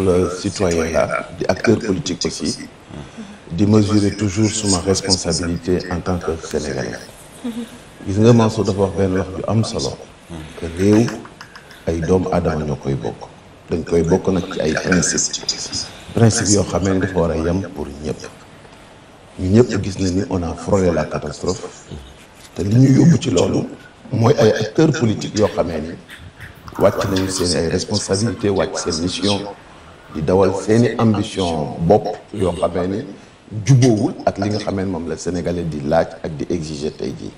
le citoyen là di acteur politique aussi di mesurer toujours suma responsabilité en tant que sénégalais gis nga Mansour dafa wax benn wax ju am solo que réew ay doomu aadama ñoo koy bokk dañ koy bokk nag ci ay principe principe yoo xamee ne dafa war a yem pour ñëpp ñu ñëpp gis na ni on a frôlé la catastrophe te li ñu yóbbu ci loolu mooy ay acteurs politiques yoo xamee ni wàcc nañu seen ay responsabilités wàcc seen mission di dawal seeni ambition bopp yoo xamee ni jubboowul ak li nga xamee moom la sénégalais di laaj ak di exiger tey jii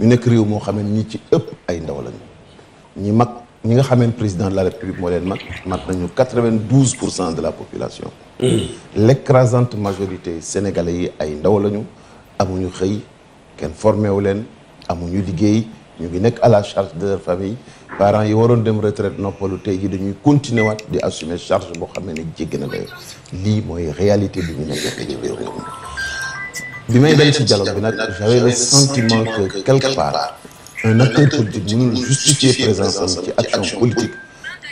ñu nekk réew moo xamee ñi ci ëpp ay ndaw lañu ñi mag ñi nga xamee président de la république moo leen mag mat nañu quatre-vingt-douze pour cent de la population l'écrasante majorité sénégalais yi ay ndaw lañu amuñu xëy kenn formé wu leen amuñu liggéey ñu ngi nekk à la charge de leur famille parents yi waroon dem retraite noppalu tey ji dañuy continuer waat di assumer charge boo xam ne ne jéggi na dayoo lii mooy réalité bi ñu nekk ci biir réew mi bi may dem ci dialogue bi nag j'avais le sentiment que quelque part na acteur politique mënul justifier présence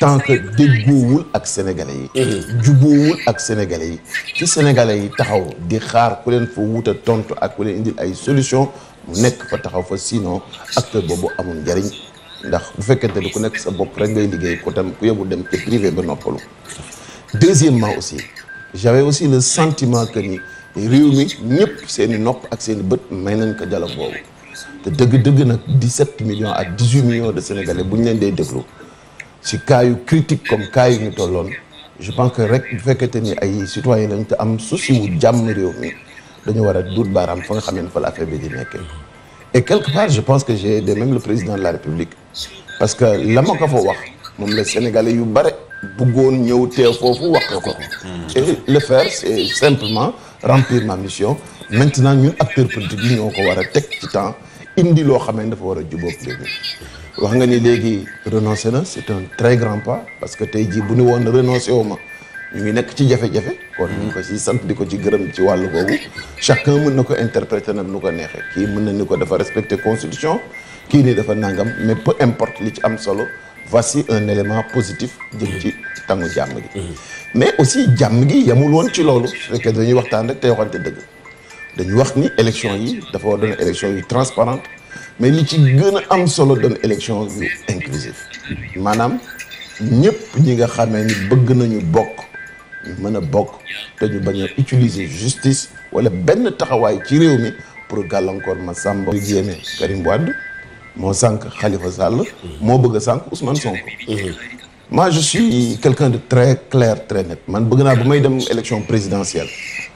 tant que déggoowul ak sénégalais yi mmh. jubboowul ak sénégalais yi ci sénégalais yi taxaw di xaar ku leen fa wuta tontu ak ku leen indil ay solution mu nekk fa taxaw fa sinon acteur boobu amul njariñ ndax bu fekkente ni ku nekk sa bopp rek ngay liggéey ko tam ku yóbbu dem ci privé ba noppalu deuxièmement aussi j'avais aussi le sentiment que ni réew mi ñëpp seeni nopp ak seeni bët may nañ ko dialogue boobu te dëgg-dëgg nag 17 millions à 18 millions de sénégalais bu ñu leen dee déglu ci cas yu critique comme cas yu ñu tolloon je pense que rek bu fekkente ni ay citoyen lañ te am souci wu jàmm réew mi dañu war a duut baaraam fa nga xam ne fa la affaire bi di nekkee et quelque part je pense que j'ai aidé même le président de la république parce que la ma ko fa wax moom la sénégalais yu bare bëggoon ñëw teew foofu wax ko ko le faire c'est simplement remplir ma mission maintenant ñun acteurs politiques yi ñoo ko war a teg ci temps indi loo xam ne dafa war a jubóog léegi wax nga ni léegi renoncé na c'est un très grand pas parce que tey jii bu ñu woon renoncé wu ma ñu ngi nekk ci jafe-jafe kon ñu ko ci sant di ko ci gërëm ci wàllu googu chacun mën na ko interpréter nag nu ko neexee kii mën na ni ko dafa respecter constitution kii nii dafa nangam mais peu importe li ci am solo voici un élément positif jëm ci tàngu jàmm gi mm-hmm. mais aussi jàmm gi yamul woon ci loolu su fekkee dañuy waxtaan rek te waxante dëgg dañu wax ni élection yi dafa war doon élection yu transparente mais li ci gën a am solo doon élection yu inclusive maanaam ñëpp ñi nga xamee ni bëgg nañu bokk ñu mën a bokk te bañ a utiliser justice wala benn taxawaay ci réew mi pour gàllankoor ma sàmba jéeme Karim Wade moo sànq Khalifa sàll moo bëgg a sànq Ousmane Sonko moi je suis quelqu'un de très clair très net man bëgg naa bu may dem élection présidentielle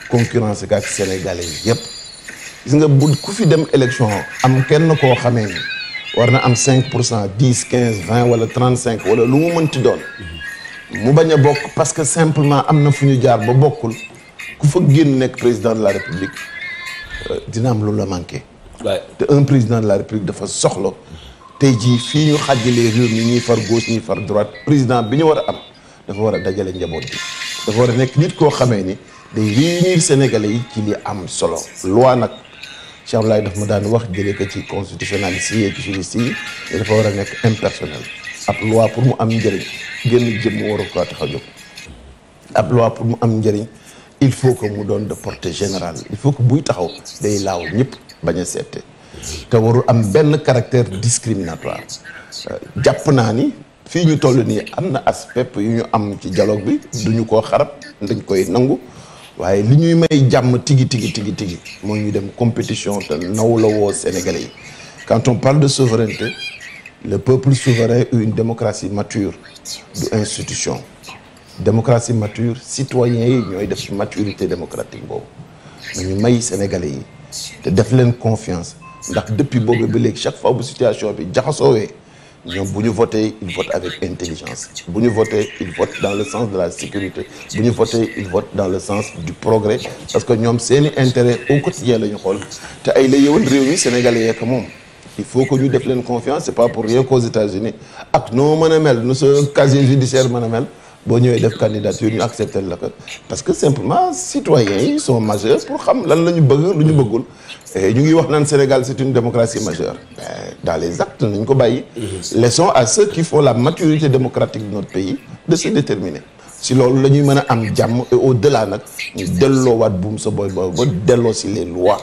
concurrence ak sénégalais yi yépp gis nga bu ku fi dem élection am kenn koo xamee ni war na am cinq pour cent dix quinze vingt wala trente cinq wala lu mu mënti doon mu bañ a bokk parce que simplement am na fu ñu jaar ba bokkul ku fa génn nekk président de la république euh, dina am lu la manqué te un président de la république dafa soxlo te jii fii ñu xàjjalee réew mi ñuy far gauche ñuy far droite président bi ñu war a am dafa war a dajale njaboot bi dafa war a nekk nit koo xamee ni day réunir sénégalais yi ci li am solo loi nag Cheikh Abdoulaye daf ma daan wax jëlee ko ci constitutionnaliste yi ak juriste yi te dafa war a nekk impersonnel ab loi pour mu am njëriñ génn jëmm war a ko tax a ab loi pour mu am njëriñ il faut que mu doon de portée générale il faut que buy taxaw day laaw ñëpp bañ a seete te warul am benn caractère discriminatoire euh, jàpp naa ni fii ñu toll nii am na aspect yu ñu am ci dialogue bi duñu ko xarab dañ koy nangu waaye li ñuy may jàmm tigi tigi tigi tigi moo ñu dem compétition te naw woo Sénégalais yi quand on parle de souveraineté le peuple souverain une démocratie mature du institution démocratie mature citoyens yi ñooy def maturité démocratique boobu ñu may Sénégalais yi te def leen confiance ndax depuis boobu ba léegi chaque fois bu situation bi jaxasoowee ñoom bu ñu voté ils votent avec intelligence bu ñu voté ils votent dans le sens de la sécurité bu ñu voté ils votent dans le sens du progrès parce que ñoom seeni intérêt au quotidien la ñu xool te ay la yëwal réew mi sénégalais yeek moom il faut que ñu def leen confiance c'est pas pour rien qu'aux États-Unis ak noo mën a mel nu sa casier judiciaire mën a mel boo ñëwee def candidature ñu accepter la ko parce que simplement citoyens yi sont majeurs pour xam lan la ñu bëgg lu ñu bëggul ñu ngi wax naan Sénégal c'est une démocratie majeure dans les actes nañ ko bàyyi mhm. laissons à ceux qui font la maturité démocratique de notre pays de se déterminer si loolu la ñuy mën a am jàmm et au delà nag ñu delloo delloowaat buum sa boy boy ba delloo si les lois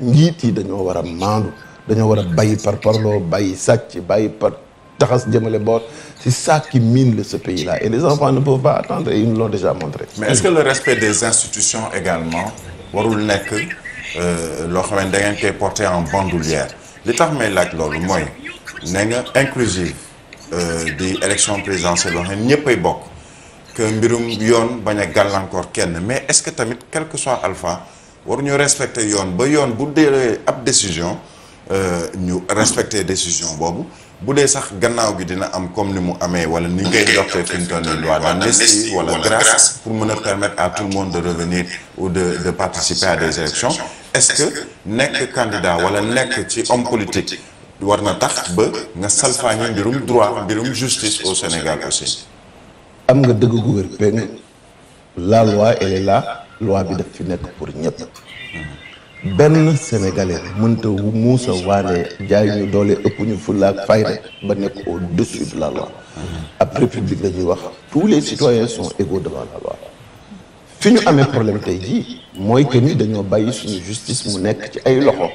njiit yi dañoo war a maandu dañoo war a bàyyi par parloo bàyyi sàcc bàyyi par taxas jëmale boor c'est ça qui mine ce pays là et les enfants ne peuvent pas attendre et ils nous déjà montré. mais est-ce que le respect des institutions également warul nekk euh, loo xam ne da ngeen koy porter en bandoulière li tax may laaj loolu mooy ne nga inclusive euh, di élection présidentielle loo xam ne bokk que mbirum yoon bañ a gàllankoor kenn mais est-ce que tamit quel que soit alpha waruñu respecter yoon ba yoon bu délee ab décision euh, ñu respecter décision boobu. bu dee sax gannaaw gi dina am comme ni mu amee wala ni ngay joxtee fi ñu toll nii loi d'amnistie wala pour mën a permettre à tout le monde de revenir ou de de participer à des élections est-ce que nekk candidat wala nekk ci homme politique war na tax ba nga salfaañi mbirum droit mbirum justice au Sénégal aussi am nga dëgg gu wér péng la loi elle est là bi daf fi nekk pour ñëpp benn sénégalais mënta muusa waane jaay ñu doole ëpp ñu fulla ak fayda ba nekk au dessus de la loi ab république la ñuy wax tous les citoyens son égaux de la loi fi ñu amee problème tey jii mooy que ni dañoo bàyyi suñu justice mu nekk ci ay loxo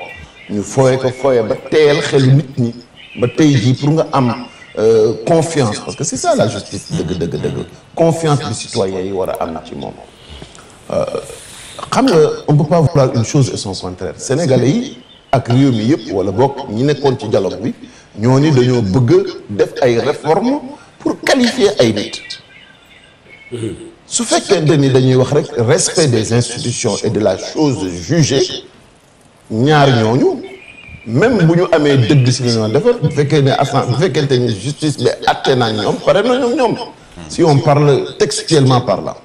ñu fooye ko fooye ba teyal xelu nit ñi ba tey jii pour nga am euh, confiance parce que c'est ça la justice dëgg dëgg dëgg confiance bi citoyens yi war a am ci moom euh, xam nga on peut pas vouloir une chose et son contraire sénégalais yi ak réew mi yëpp wala bokk ñi nekkoon ci dialogue bi ñoo ni dañoo bëgg def ay réformes pour qualifier ay nit su fekkente ni dañuy wax rek respect des institutions et de la chose jugée ñaar ñooñu même bu ñu amee dëgg si li ñoo bu fekkee ne assan bu fekkente ni justice bi atte naa ñoom pare na ñoom ñoom si on parle textuellement parlant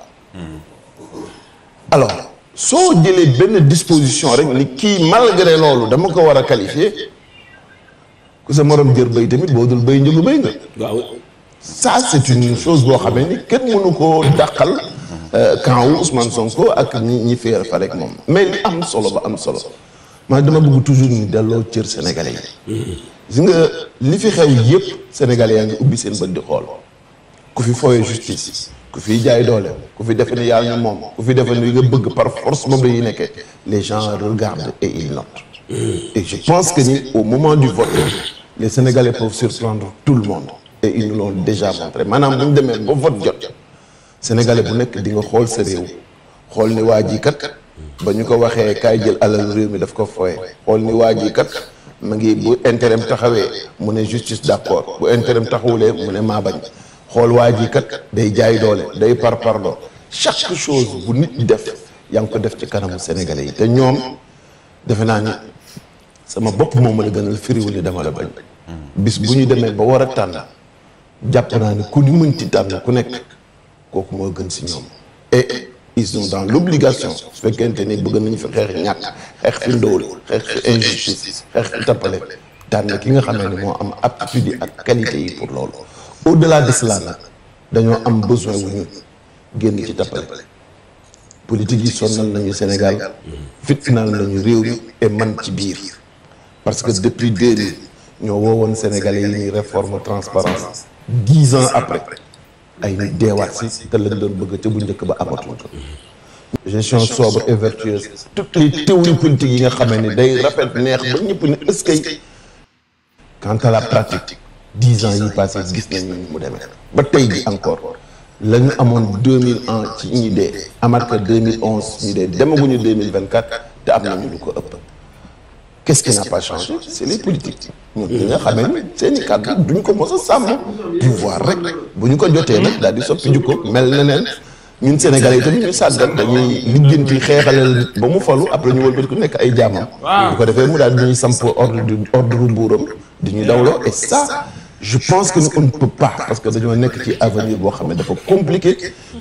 alors soo jëlee benn disposition rek ni kii malgré loolu dama ko war a qualifier ku sa moroom jër béy tamit boo dul béy njëgu béy nga. waaw ça c' une chose boo xamee ni kenn mënu koo dàqal. kan euh, wu Ousmane Sonko ak ñi ñi fi fa rek moom mais am solo ba am solo man dama bugg toujours ni delloo cër sénégalais yi. gis nga li fi xew yëpp sénégalais yaa ngi ubbi seen bët di xool ku fi fooyee justice. ku fi jaay doole ku fi defe ni yaa ñu moom ku fi defe ni nga bëgg par force moom la ñuy nekkee les gens regardent et ils notent. et je pense que ni au moment du vote les Sénégalais peuvent surprendre tout le monde. et ils nous l'ont déjà montré maanaam bu ñu demee ba vote jot Sénégalais bu nekk di nga xool sa réew xool ni waa ji kat ba ñu ko waxee kaay jël alal réew mi daf ko fooye xool ni waa ji kat ma ngi bu intérim taxawee mu ne justice d'accord bu intérim taxawulee mu ne maa bañ. xool waa ji kat day jaay doole day parparloo chaque chose bu nit def yaa ngi ko def ci kanamu sénégalais yi te ñoom defe naa ni sama bopp moo a la gënal firiwul ni dama la bañ bis bu ñu demee ba war a tànn jàpp naa ne ku ñu mënti tànn ku nekk kooku moo gën si ñoom et ils sont dans l'obligation su fekkente ni bëgg nañu fi xeex ñàkk xeex fi ndóol xeex fi injustice xeex fi tappale tànn ki nga xamee ne moo am aptitude yi ak qualité yi pour loolu au-delà d'islam dañoo am besoin wu ñu génn ci tappale politique yi sonnal nañu Sénégal fitnaal nañu réew yi et man ci biir parce que depuis deux mille ñoo woowoon Sénégalais yi ñuy réforme transparence dix ans après ay nit deewaat si te lañ doon bëgg ca bu njëkk ba amatul gestion sobre et vertueuse toutes les théories politiques yi nga xamee ni day rafet neex ba ñëpp ne est-ce que quant à la pratique dix ans yi passé gis nañ mu demee ba tey ji encore la amoon deux mille un ci ñi dee amaat que deux mille onze ñu dee demaguñu deux mille vingt quatre te am na nañu lu ko ëpp qu'est-ce qui n'a pas changé c'est les politiques ñoom nga xamee ni seen i kàddu duñ ko mos a sàmm pouvoir rek bu ñu ko jotee nag daal di soppi jukko mel na neen ñun sénégal yi tamit ñu sàggat dañuy lijjanti xeexalal nit ba mu falu après ñu wëlbati ku nekk ay jaamam bu ko defee mu daal di ñuy samp ordre ordre mbuuram di ñu dawloo et ça je pense que on ne peut pas parce que dañoo nekk ci avenir boo xam ne dafa compliqué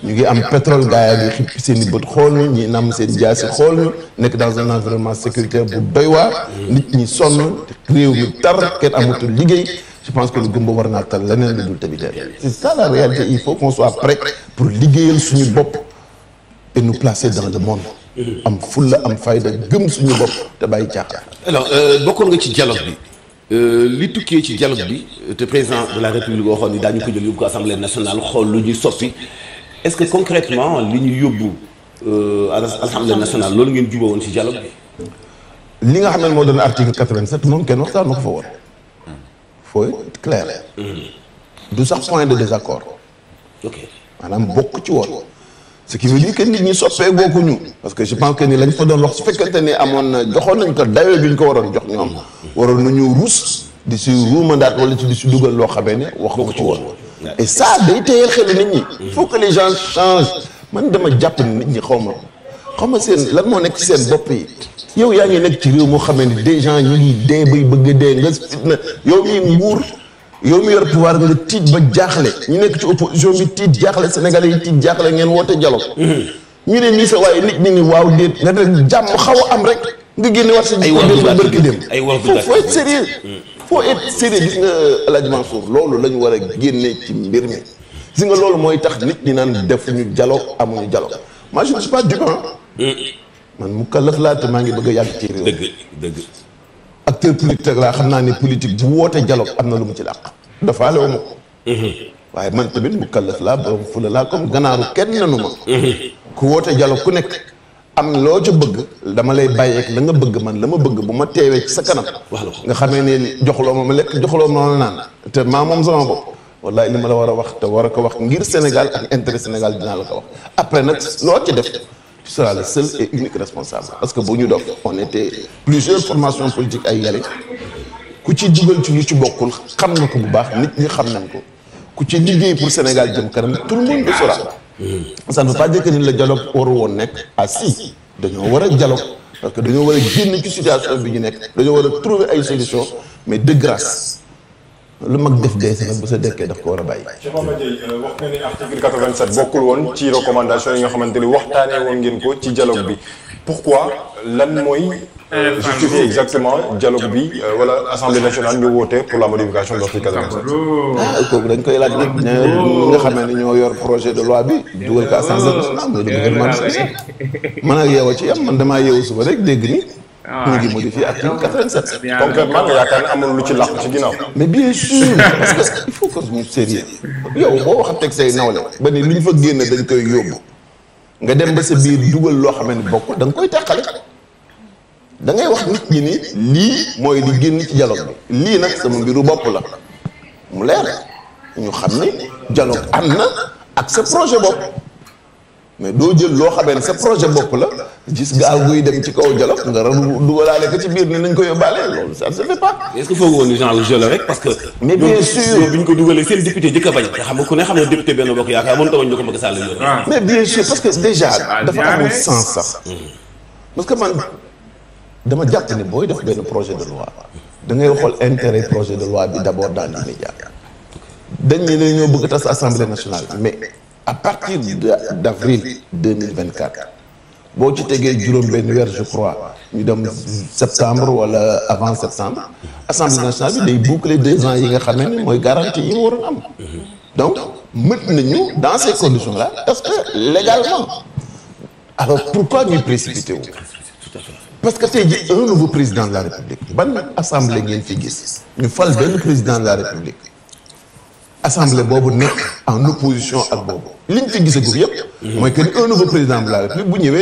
ñu ngi am pétrole gars yaa ngi xippi seen i bët xool ñu ñi nam seen jaasi xool ñu nekk dans un environnement sécuritaire bu doy waar nit ñi sonn réew mi tar kenn amatul liggéey je pense que lu gëmba war naa tal leneen lu dul tabiteer c'est ça la réalité il faut qu'on soit prêt pour liggéeyal suñu bopp et nous placer dans le monde am fulla am fayda gëm suñu bopp te bàyyi caaxaan alors euh, bokkoon nga ci dialogue bi Euh, li tukkee ci dialogue bi te président de la république waxoon ni daañu ko jël yóbbu ko assemblée nationale xool lu ñuy soppi est-ce que concrètement li ñu yóbbu euh, assemblée nationale loolu ngeen jubóo woon ci dialogue bi. li nga xam ne moo doon article 87 moom kenn waxtaan na ko fa woon. faut être claire mm-hmm. du sax point de désaccord. ok maanaam bokk ci woon. ce qui veut dire que nit ñi soppee gookuñu parce que je pense que ni lañ fa doon wax su fekkente ni amoon na joxoon nañ ko dayoo bi ñu ko waroon jox ñoom waroon na nañu ruus di si ruumandaat wala di si dugal loo xamee ne wax ko ci woon et ça day téyeel xel nit ñi il faut que les gens changent man dama jàpp nit ñi xaw ma xaw ma seen lan moo nekk si seen bopp yi yow yaa ngi nekk ci réew moo xamee ne des gens ñu ngi dee bay bëgg dee nga na yow mii yow mi yor pouvoir nga tiit ba jaaxle ñu nekk ci opposition bi tiit jaaxle sénégalais yi tiit jaaxle ngeen woote dialogue mm-hmm. ñu ne nii sa waaye nit ñi ni waaw déet nga def jàmm xaw am rek nga génne war sa jikko bërki dem faut être sérieux mm-hmm. faut être sérieux gis nga loolu la ñu war a génne ci mbir mi gis nga loolu mooy tax nit ñi naan def ñu dialogue amuñu dialogue moi je ne suis pas du mm-hmm. man mu kalaf laata maa ngi bëgg a yàgg ci réew dëgg acteur politique laa xam naa ne politique bu wootee dialogue am na lu mu ci làq dafa lew ma mhm. waaye man tamit mu kallaf laa borom fula laa comme ganaaru kenn nanu ma mhm. ku wootee dialogue ku nekk am loo ca bëgg dama lay bàyyeek la nga bëgg man la ma bëgg bu ma teewee ci sa kanam nga xamee ne joxloo ma ma lekk joxloo ma ma naan te maa moom sama bopp wallaay li ma la war a wax te war a ko wax ngir Sénégal ak intérêt Sénégal dinaa la ko wax après nag loo ci def tu seras le et unique responsable parce que bu ñu dof on était plusieurs formations politiques ay yële ku ci dugal ci ñu ci bokkul xam na ko bu baax nit ñi xam nañ ko ku ci liggéey pour Sénégal jëm kanam tout le monde le saura pas dire que la dialogue war woon nekk ah si dañoo war a dialogue parce que dañoo war a génn ci situation bi ñu nekk dañoo war a trouver ay solutions mais de grâce lu mag def gay sax bu sa dekkee daf ko war a bàyyi. ci Papa Dieye wax nga ni article 87 bokkul woon ci recommandation yi nga xamante waxtaanee woon ngeen ko ci dialogue bi pourquoi lan mooy justifier exactement dialogue bi euh, wala assemblée nationale ñu woote pour la modification de l'article 87. ah kooku dañ koy laaj nag ñi ñoo yor projet de loi bi dugal ko assemblée nationale nga dugal man man ak yow ci yam man damaa yeewu suba rek dégg ni. ñu ah, ngi modifié ak 87. concrètement yaakaar ne amul lu ci làq ci ginnaaw. mais bien sûr parce que il faut que ñu sérieux yow boo waxanteeg say nawle ba ni lu ñu fa génn dañ koy yóbbu nga dem ba sa biir dugal loo xam ne bokk danga nga koy teqale da ngay wax nit ñi ni lii mooy li génn ci dialogue bi lii nag sama mbiru bopp la mu leer ñu xam ni dialogue am na ak sa projet bopp mais doo jël loo xamee ne sa projet bopp la. gis gaal guy dem ci kaw Jolof nga ran dugalaale ko ci biir ni nañ ko yóbbaale loolu ça se fait pas. que foog ni genre Jolof rek parce que. mais bien sûr ko dugalee seen député xam a ko Macky Sall yore. Ah. mais bien sûr parce que déjà. dafa ah, amul sens sax. parce que man dama jàpp ni booy def benn projet de loi da ngay xool intérêt projet de loi bi d'abord dans l'immédiat. dañ ne ñoo bëgg a tas assemblée nationale mais à partir d'avril deux mille vingt-quatre boo ci tegee juróom benn weer je crois ñu dem septembre wala avant septembre assemblée nationale bi day boucler deux ans yi nga xamee ne mooy garantie yi mu waroon am donc mët nañu dans ces conditions là parce que légalement alors pourquoi ñuy précipité wu parce que tey ji un nouveau président de la république ban assemblée ngeen fi gis ñu fal benn président de la république assemblée boobu nekk en opposition ak boobu liñ fi gisagum yëpp mooy que ni un